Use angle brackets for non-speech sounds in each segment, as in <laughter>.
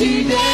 today.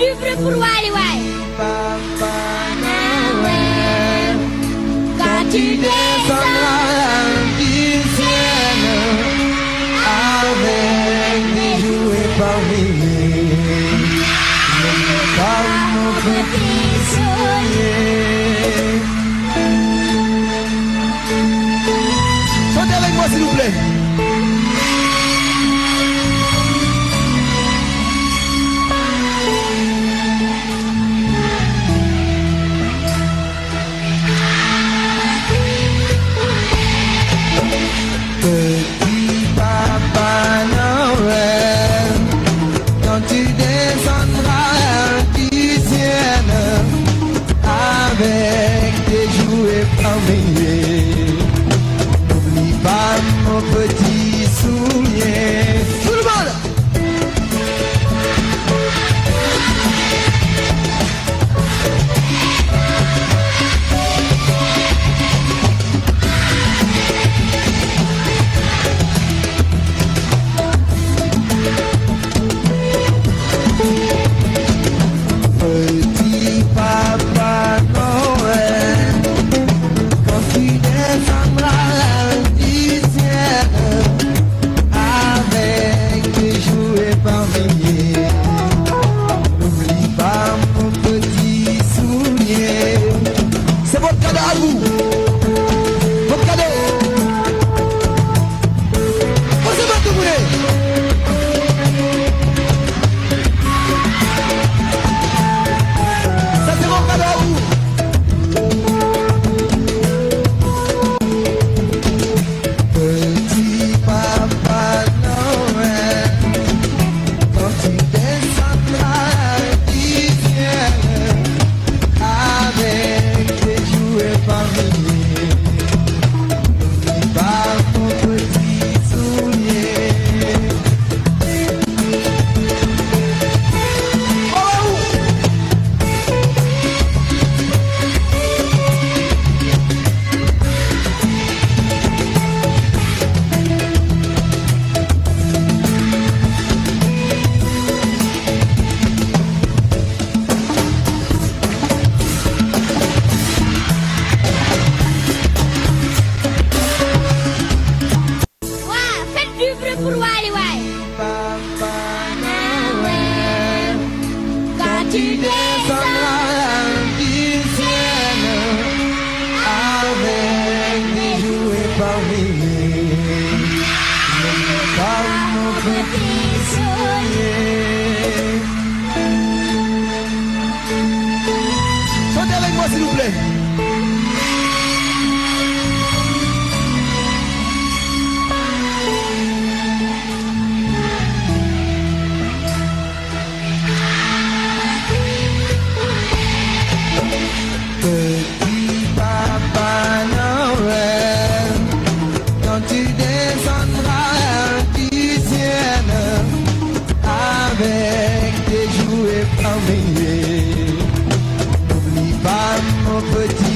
pub pour Waly Waly petit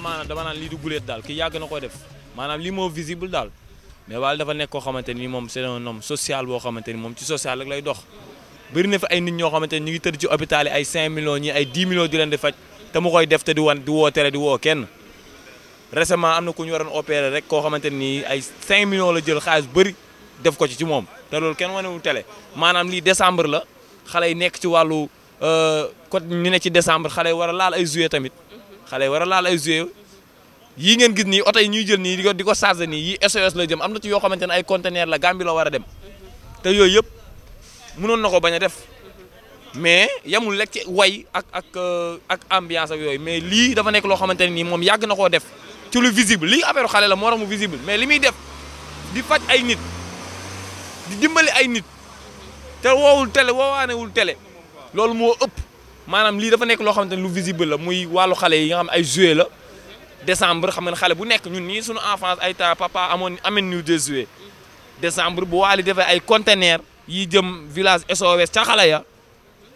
amaana dama naan lii du guleet daal ki yàgg na ko def maanaam lii moo visible daal mais Wally dafa nekk koo xamante ni moom c'est un homme social boo xamante ni moom ci social rek lay dox bëri na fi ay nit ñoo xamante ni ngi tëdd ci hôpital ay 5 millions ñi ay 10 millions di leen faj te mu koy def te di woo tere di woo kenn récemment am na ku ñu waroon opérer rek koo xamante ni ay 5 millions la jël xaalis bëri def ko ci ci moom te loolu kenn wanewul télé la xale yi nekk ci wàllu euh, côté ñu ne ci décembre xale yi war a xale yi war a laal ay joué yii ngeen gis nii oto yi ñuy jël nii di ko di ko chargé nii yii SOS la jëm am na yoo xamante ne ay conteneur la Gambie la war a dem te yooyu yëpp mënoon na ko bañ a def mais yamul lekk ci way ak ak euh, ak ambiance ak yooyu mais lii dafa nekk loo xamante ne nii moom yàgg na koo def ci lu visible lii affaire xale la moo tax mu visible mais li muy def di faj ay nit di dimbali ay nit te woowul télé woowaanewul télé loolu moo ëpp maanaam lii dafa nekk loo xamante ne lu visible la muy wàllu xale yi xam ay jouet la décembre xam nga xale bu nekk ñun nii suñu enfance ay ta papa amoon ameen ñu des jouet bu waali defee ay conteneur yi jëm village SOS ca xale ya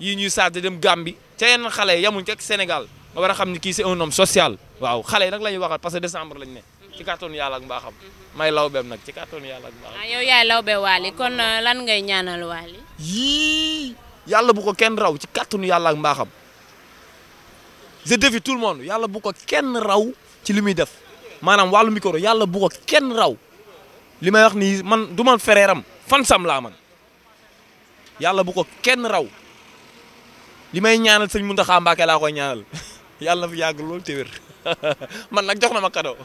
yii ñuy chargé dem Gambie ca yenn xale yamuñ ak Sénégal nga war xam ni kii c'est un homme social waaw xale yi nag la ñuy waxal parce que décembre lañ ne ci kàttanu yàlla ak mbaaxam may lawbeem nag ci kàttanu yàlla ak mbaaxam. ah yow yaay lawbe Wally euh, yàlla bu ko kenn raw ci kàttanu yàlla ak mbaaxam je tout le monde yàlla bu ko kenn raw ci li muy def maanaam wàllu micro yàlla bu ko kenn raw li may wax nii man du man frère am fan sam laa man yàlla bu ko kenn raw li may ñaanal sëñ Mountakha Mbacké laa koy ñaanal <laughs> yàlla na fi yàgg loolu te <laughs> man nag jox na ma cadeau.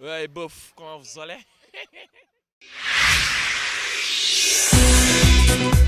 Ouais, bof, quand vous allez. <laughs>